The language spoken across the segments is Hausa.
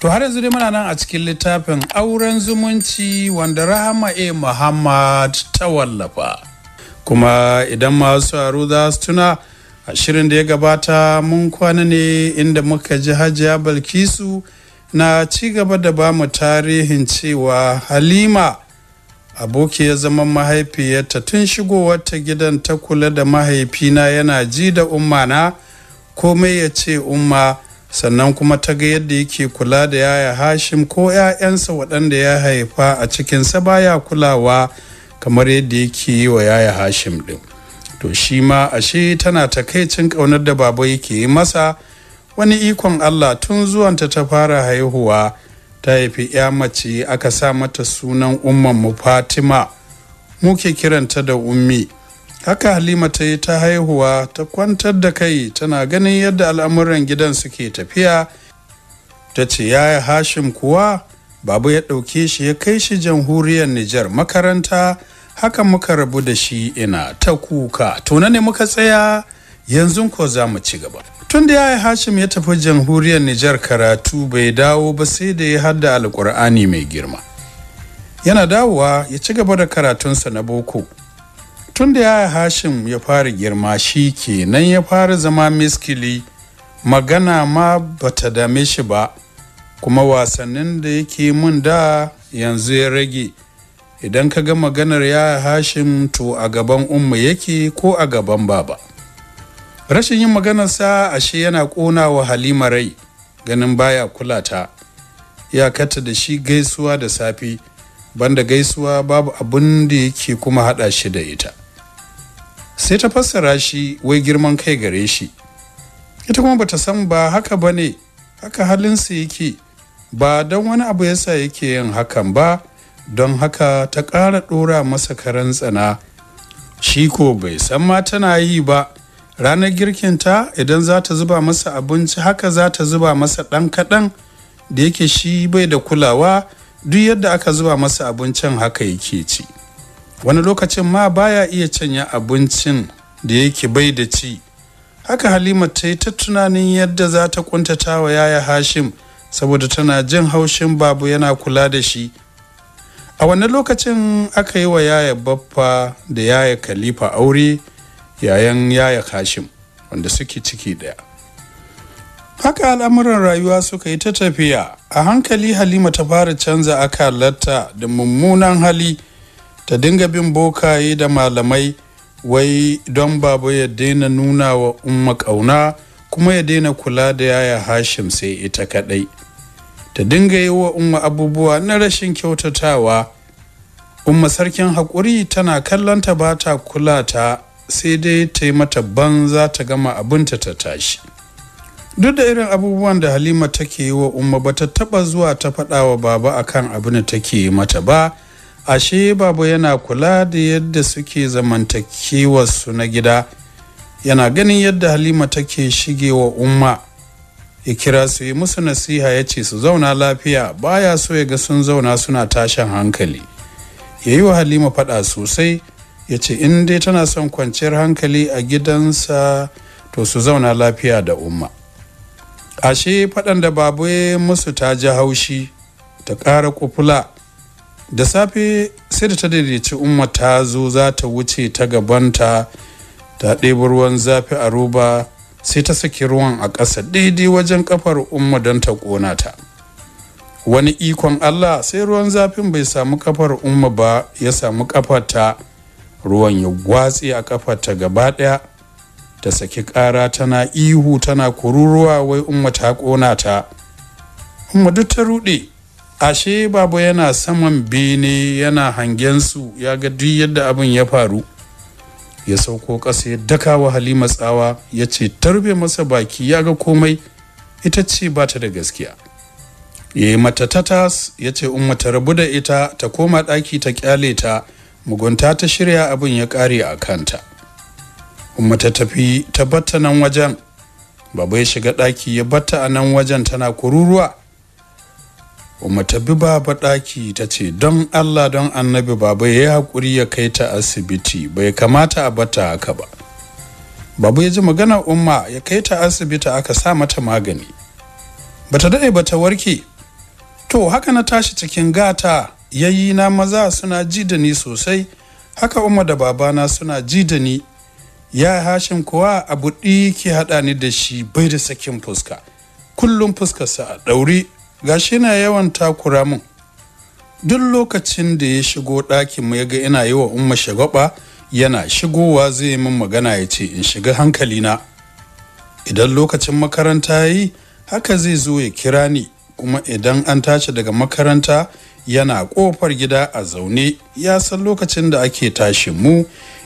To har yanzu dai muna nan a cikin littafin auren zumunci wanda Rahama A. Muhammad ta wallafa. Kuma idan masu aro za su tuna a shirin da ya gabata mun kwana ne inda muka ji hajiya Balkisu na ci gaba da ba mu tarihin cewa Halima aboki ya zama mahaifiyarta tun shigowarta gidan ta kula da mahaifina yana ji da umma na komai ya ce umma sannan kuma ta ga yadda yake kula da yaya hashim ko 'ya'yansa waɗanda ya haifa a cikinsa baya kulawa kamar yadda yake yi wa yaya hashim ɗin to shi ma ashe tana takaicin ƙaunar da baba yake yi masa wani ikon allah tun zuwanta ta fara haihuwa ta haifi 'ya mace aka sa mata sunan umman mu fatima muke kiranta da ummi haka halima ta yi ta haihuwa ta kwantar da kai tana ganin yadda al'amuran gidan suke tafiya ta ce yaya hashim kuwa babu ya ɗauke shi ya kai shi jamhuriyar nijar makaranta haka muka rabu da shi ina ta kuka tuna ne muka tsaya yanzu ko za mu ci gaba tun da yaya hashim ya tafi jamhuriyar nijar karatu bai dawo ba sai da ya hada alkur'ani mai girma yana dawowa ya ci gaba da karatunsa na boko tun da yaya hashim ya fara girma shi kenan ya fara zama miskili magana ma bata dame shi ba kuma wasannin da yake mun da yanzu ya rage idan ka ga maganar ya hashim to a gaban umma yake ko a gaban baba rashin yin maganarsa ashe yana ƙona wa halima rai ganin baya kula ta iyakata da shi gaisuwa da safe banda gaisuwa babu abin da yake kuma hada shi da ita sai ta fassara shi wai girman kai gare shi ita kuma bata san ba haka ba ne haka halinsa yake ba don wani abu yasa yake yin hakan ba don haka ta ƙara ɗora masa karen tsana shi ko bai san ma tana yi ba ranar girkin ta idan za ta zuba masa abinci haka za ta zuba masa ɗan kaɗan da yake shi bai da kulawa duk yadda aka zuba masa abincin haka yake ci. wani lokacin ma baya iya canya abincin da yake bai da ci haka halima ta yi ta tunanin yadda za ta kuntata wa yaya hashim saboda tana jin haushin babu yana kula da shi a wani lokacin aka yi wa yaya baffa da yaya khalifa aure yayan yaya hashim wanda suke ciki daya haka al'amuran rayuwa suka yi ta tafiya a hankali halima ta fara canza akalarta da mummunan hali ta dinga bin bokaye da malamai wai don babu ya daina nuna wa umma ƙauna kuma ya daina kula da yaya hashim sai ita kaɗai ta dinga yi wa umma abubuwa na rashin kyautatawa umma sarkin haƙuri tana kallonta ba ta kula ta sai dai ta yi mata ban za ta gama abinta ta tashi duk da irin abubuwan da halima take yi wa umma ba ta taɓa zuwa ta faɗa wa baba akan abin da take yi mata ba ashe babu yana kula da yadda suke zamantakewarsu na gida yana ganin yadda halima take shige wa umma ya kira su yi musu nasiha ya ce su zauna lafiya baya so ya ga sun zauna suna tashin hankali ya yi wa halima faɗa sosai ya ce in dai tana son kwanciyar hankali a gidansa to su zauna lafiya da umma ashe faɗan da babu musu ta ji haushi ta ƙara kufula da safe sai da ta daidaici umma ta zo za ta wuce ta gabanta ta ɗebo ruwan zafi a roba sai ta saki ruwan a ƙasa daidai wajen ƙafar umma don ta ƙona ta wani ikon allah sai ruwan zafin bai samu kafar umma ba ya samu ta ruwan ya gwatsi a kafarta gaba ɗaya ta saki ƙara tana ihu tana kururuwa wai umma ta ƙona ta umma duk ta ruɗe ashe baba yana saman bene yana hangen su ya ga duk yadda abin ya faru ya sauko ƙasa ya daka wa halima tsawa ya ce tarbe masa baki ya ga komai ita ce ba ta da gaskiya ya yi mata tatas ya ce umma ta rabu da ita ta koma ɗaki ta kyale ta mugunta ta shirya abin ya ƙare a kanta umma ta tafi ta batta nan wajen baba ya shiga ɗaki ya batta a nan wajen tana kururuwa Uma ta bi baba ɗaki ta ce don Allah don annabi baba ya yi haƙuri ya kai ta asibiti bai kamata a bata haka ba. Babu ya ji magana umma ya kai ta asibiti aka sa mata magani. Bata daɗe bata warke. To haka na tashi cikin gata yayi na maza suna ji da ni sosai haka umma da babana suna ji da ni ya hashin kuwa abu ɗi ke haɗa ni da shi bai da sakin fuska kullum fuskarsa a ɗauri gashi na yawan takura mun duk lokacin da ya shigo ɗakin mu ya ga ina yi wa umma shagwaba yana shigowa zai yi min magana ya ce in shiga hankalina idan lokacin makaranta ya yi haka zai zo ya kira ni kuma idan an tashi daga makaranta yana ƙofar gida a zaune ya san lokacin da ake tashi mu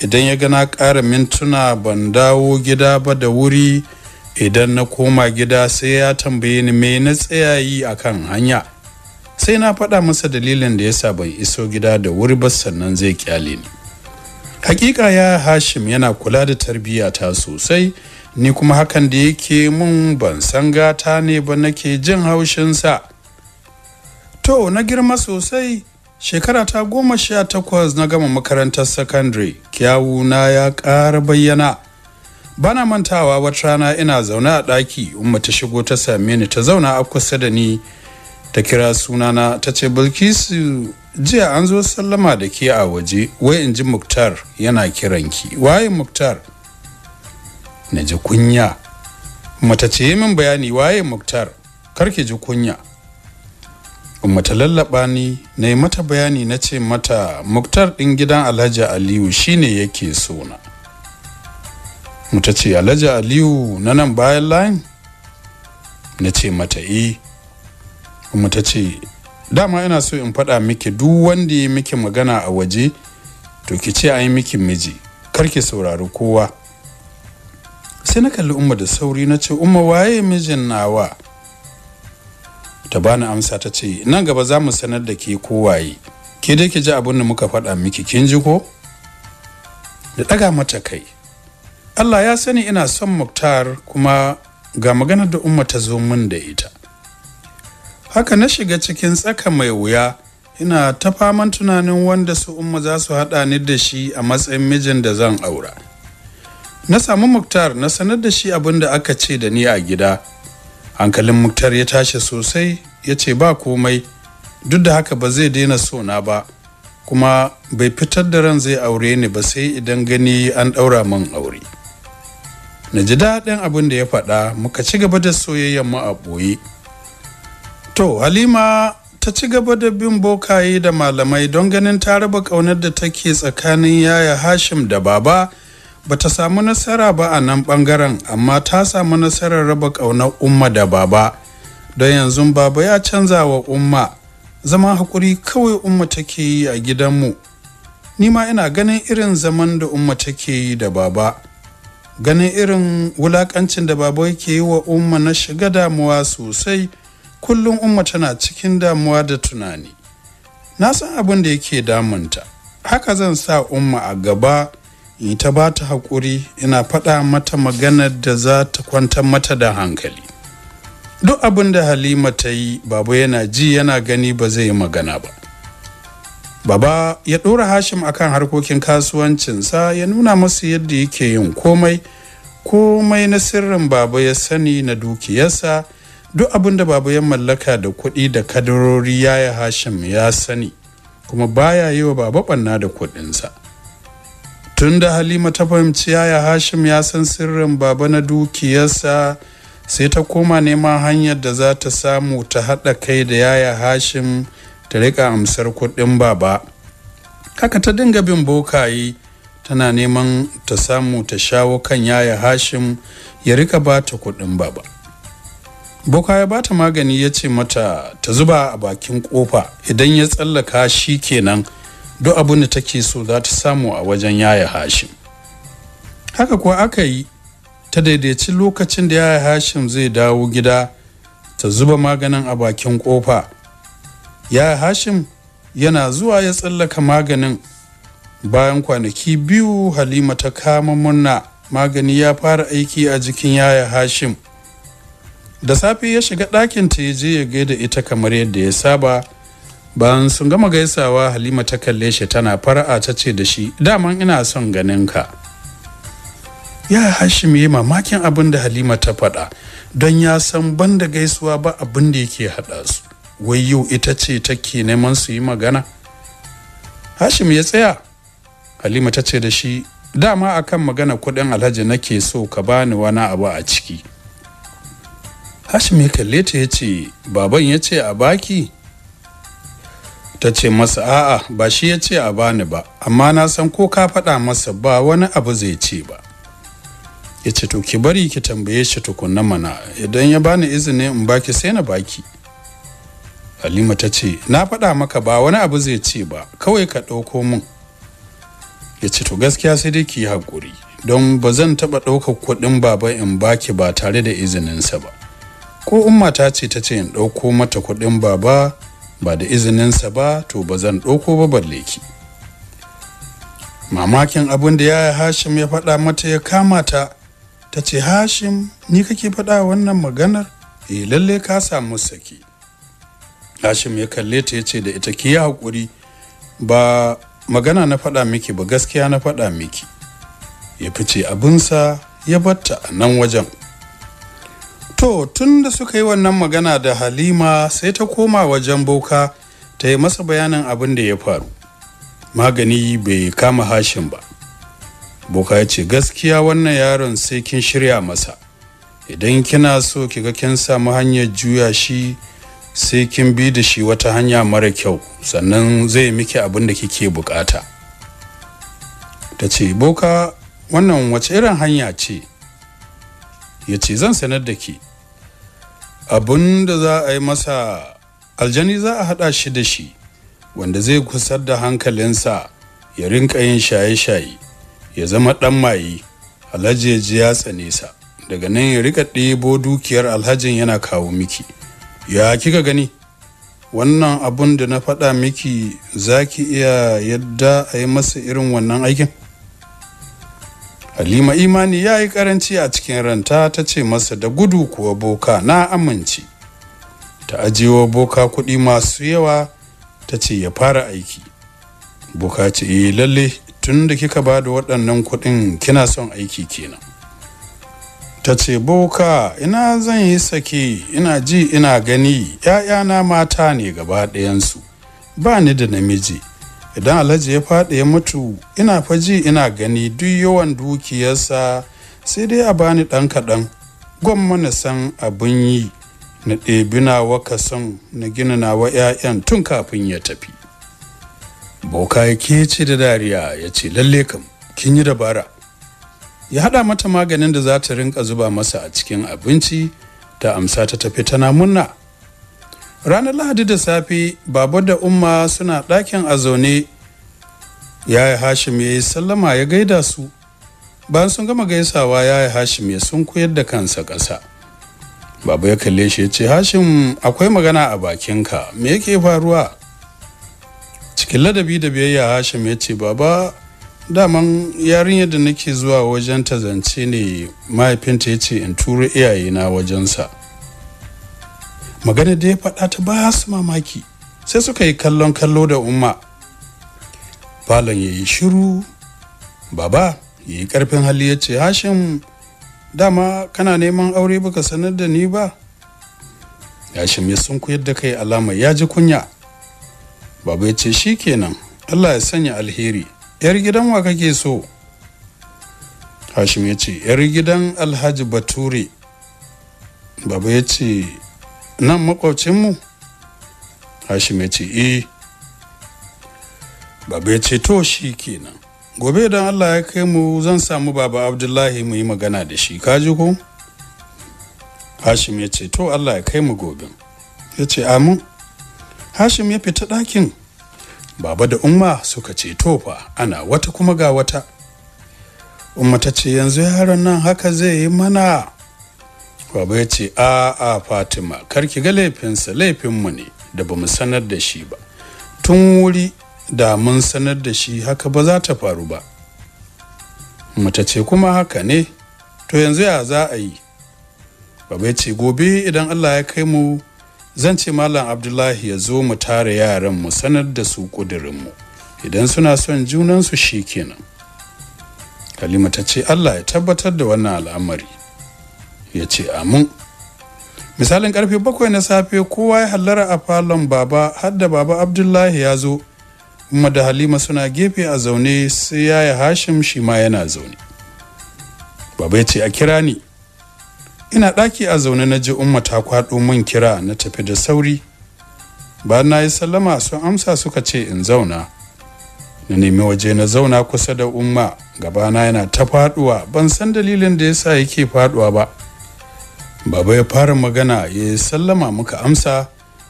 idan ya gana ƙara mintuna ban dawo gida ba da wuri idan na koma gida sai ya tambaye ni me na tsayayi a kan hanya sai na faɗa masa dalilin da yasa ban iso gida da wuri ba sannan zai kyale ni hakika ya hashim yana kula da tarbiyya sosai ni kuma hakan da yake mun ban san gata ne ba nake jin haushinsa to na girma sosai shekara ta goma sha takwas na gama makarantar sakandare na ya ƙara bayyana bana mantawa wata rana ina zaune a ɗaki umma ta shigo ta same ni ta zauna a kusa da ni ta kira sunana ta ce bilkisu jiya an zo sallama da ke a waje wai in ji muktar yana kiranki waye muktar na ji kunya mata ce min bayani waye muktar Kar ki ji kunya umma ta lallaba ni na yi mata bayani na ce mata muktar ɗin gidan alhaji aliyu shine yake sona. ta ce alhaji aliyu na nan bayan layin na ce mata e kuma ta ce dama ina so in faɗa miki duk wanda ya miki magana a waje to ki ce an yi miki miji kar ki saurari kowa sai na kalli umma da sauri na ce umma waye mijin nawa ta bani amsa ta ce nan gaba za mu sanar da ke kowaye ke dai ki ji abin da muka faɗa miki kin ji ko da ɗaga mata kai Allah ya sani ina son Muktar kuma ga maganar da umma ta zo min da ita. Haka na shiga cikin tsaka mai wuya ina ta faman tunanin wanda su umma za su haɗa ni da shi a matsayin mijin da zan aura. Na samu Muktar na sanar da shi abin da aka ce da ni a gida. Hankalin Muktar ya tashi sosai ya ce ba komai duk da haka ba zai daina sona ba kuma bai fitar da ran zai aure ni ba sai idan gani an ɗaura min aure. na ji daɗin abin da ya faɗa muka ci gaba da soyayyen mu a ɓoye to halima ta ci gaba da bin bokaye da malamai don ganin ta raba ƙaunar da take tsakanin yaya hashim da baba ba ta samu nasara ba a nan ɓangaren amma ta samu nasarar raba ƙaunar umma da baba don yanzu baba ya canza wa umma zama haƙuri kawai umma take yi a gidanmu ni ma ina ganin irin zaman da umma take yi da baba ganin irin wulakancin da baba yake yi wa umma na shiga damuwa sosai kullum umma tana cikin damuwa da tunani na san abin da yake damunta haka zan sa umma a gaba in ta ba ta haƙuri ina faɗa mata magana da za ta kwantar mata da hankali duk abin da halima ta yi babu yana ji yana gani ba zai yi magana ba Baba ya ɗora Hashim akan harkokin kasuwancinsa ya nuna musu yadda yake yin komai, komai na sirrin baba ya sani na dukiyarsa, duk abin da baba ya mallaka da kuɗi da kadarori yi Hashim ya sani, kuma baya yi wa baba ɓanna da kuɗinsa. Tun da Halima ta fahimci yaya Hashim ya san sirrin baba na dukiyarsa sai ta koma neman hanyar da za ta samu ta haɗa kai da yaya Hashim. ta rika amsar kuɗin baba haka ta dinga bin bokaye tana neman ta samu ta shawo kan yaya hashim ya rika ba ta kuɗin baba boka ya bata magani ya ce mata ta zuba a bakin kofa idan ya tsallaka shi kenan duk abin da take so za ta samu a wajen yaya hashim haka kuwa aka yi ta daidaici lokacin da yaya hashim zai dawo gida ta zuba maganin a bakin kofa ya hashim yana zuwa ya tsallaka maganin bayan kwanaki biyu halima ta kama murna magani ya fara aiki a jikin yaya hashim da safe ya shiga ɗakin ta ya je ya gaida ita kamar yadda ya saba bayan sun gama gaisawa halima ta kalle shi tana fara'a ta ce da shi daman ina son ganin ka ya hashim yi mamakin abin da halima ta faɗa don ya san banda gaisuwa ba abin da yake haɗa su wai yau ita ce take neman su yi magana hashim ya tsaya halima ta ce da shi dama akan magana kudin alhaji nake so ka bani wani abu a ciki hashim ya kalle ta ya ce baban ya ce a baki ta ce masa a'a ba shi ya ce a bani ba amma na san ko ka faɗa masa ba wani abu zai ce ba ya ce to ki bari ki tambaye shi tukunna mana idan ya bani izini in baki sai na baki halima ta ce na faɗa maka ba wani abu zai ce ba kawai ka ɗauko mun. ya ce to gaskiya sai dai ki yi haƙuri don ba zan taɓa ɗaukar kuɗin baba in baki ba tare da izininsa ba ko umma ta ce ta ce in ɗauko mata kuɗin baba ba da izininsa ba to ba zan ɗauko ba balle ki mamakin abin da yaya hashim ya faɗa mata ya kama ta ta ce hashim ni kake faɗa wannan maganar eh lalle ka samu saki hashim ya kalle ta ya ce da ita ki yi haƙuri ba magana na faɗa miki ba gaskiya na faɗa miki ya fice abinsa ya batta a nan wajen to tun da suka yi wannan magana da halima sai ta koma wajen boka ta yi masa bayanin abin da ya faru magani bai kama Hashim ba boka ya ce gaskiya wannan yaron sai kin shirya masa idan kina so kiga kin samu hanyar juya shi sai kin bi da shi wata hanya mara kyau sannan zai miki abin da kike bukata ta ce boka wannan wace irin hanya ce ya ce zan sanar da ke. abin da za a yi masa aljani za a haɗa shi da shi wanda zai kusar da hankalinsa ya rinka yin shaye-shaye ya zama ɗan maye alhaji ya ji ya tsane sa daga nan ya rika ɗebo dukiyar alhajin yana kawo miki ya kika gani wannan abun da na faɗa miki zaki iya yadda a yi masa irin wannan aikin halima imani ya yi karanci a cikin ranta ta ce masa da gudu kuwa boka na amince ta ajiyewa boka kuɗi masu yawa ta ce ya fara aiki boka ce eh, lalle tun da kika ba da waɗannan kuɗin kina son aiki kenan ta ce boka ina zan yi sake ina ji ina gani ‘ya'yana mata ne gaba ɗayansu ba ni da namiji idan alhaji ya faɗi ya mutu ina fa ji ina gani duk yawan dukiyarsa sai dai a bani ɗan kaɗan gwamma na san abin yi na ɗebi nawa kasan na gina nawa 'ya'yan tun kafin ya tafi boka ya ke ce da dariya ya ce lalle kam kin yi dabara ya haɗa mata maganin da za ta rinka zuba masa a cikin abinci ta amsa ta tafi tana munna ranar lahadi da safe baba da umma suna ɗakin a zaune yi hashim ya yi sallama ya gaida su bayan sun gama gaisawa yaya hashim ya sun koyar da kansa ƙasa Babu ya kalle shi ya ce hashim akwai magana a bakinka me yake faruwa cikin ladabi da biyayya hashim ya ce baba daman yarinyar da nake zuwa wajen ta zance ne mahaifinta ya ce in tura iyayena wajensa magana da ya faɗa ta ba su mamaki sai suka yi kallon kallo da umma falon ya yi shiru baba ya yi ƙarfin hali ya ce hashim dama kana neman aure baka sanar da ni ba hashim ya sun koyar da kai alama ya ji kunya baba ya ce shi kenan allah ya sanya alheri 'yar gidan wa kake so hashim ya ce 'yar gidan alhaji bature baba ya ce nan makwacinmu hashim ya ce eh baba ya ce to shi kenan gobe don allah ya kai mu zan samu baba abdullahi mu yi magana da shi kaji ko hashim ya ce to allah ya kai mu gobe ya ce amin hashim ya fita ɗakin baba da umma suka ce tofa ana wata kuma ga wata umma ta ce yanzu yaron nan haka zai yi mana baba ya ce a a fatima karki ga laifinsa laifinmu ne da ba mu sanar da shi ba tun wuri da mun sanar da shi haka ba za ta faru ba mata ce kuma haka ne to yanzu ya za a yi baba ya ce gobe idan allah ya kai mu zan ce malam abdullahi ya zo mu tare yaran mu sanar da su ƙudurinmu idan suna son junansu shi kenan halima ta ce allah ya tabbatar da wannan al'amari ya ce amin misalin karfe bakwai na safe kowa ya hallara a falon baba har da baba abdullahi ya zo umma da halima suna gefe a zaune sai yaya hashim shi ma yana zaune baba ya ce a kira ni ina ɗaki a zaune na ji umma ta kwaɗo min kira na tafi da sauri Ba na yi sallama sun amsa suka ce in zauna na nemi waje na zauna kusa da umma gabana yana ta faɗuwa ban san dalilin da yasa yake faɗuwa ba baba ya fara magana ya yi sallama muka amsa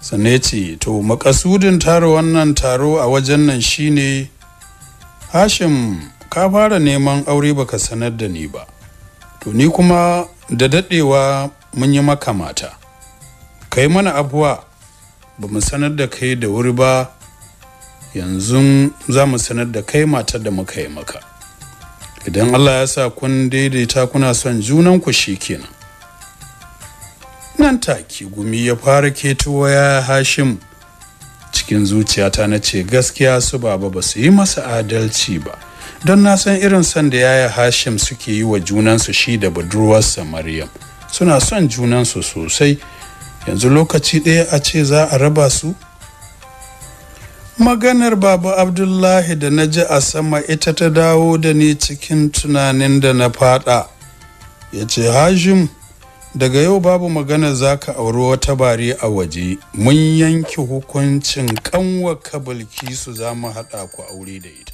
sannan ya ce to makasudin taro wannan taro a wajen nan shine hashim ka fara neman aure baka sanar da ni ba to ni kuma da daɗewa mun yi maka mata kai mana abuwa ba mu sanar da kai da wuri ba yanzu za mu sanar da kai matar da muka yi maka idan allah ya sa kun daidaita kuna son junanku kenan. nan take gumi ya fara ketowa ya hashim cikin zuciyata na ce gaskiya su baba ba su yi masa adalci ba don na san irin son da yaya hashim suke yi wa junansu shi da budurwarsa maryam suna son junansu sosai yanzu lokaci ɗaya a ce za a raba su maganar baba abdullahi da na ji a sama ita ta dawo da ni cikin tunanin da na fada ya ce hashim daga yau babu magana za ka auri wata bari a waje mun yanke hukuncin kanwa kabalki su za mu haɗa ku aure da ita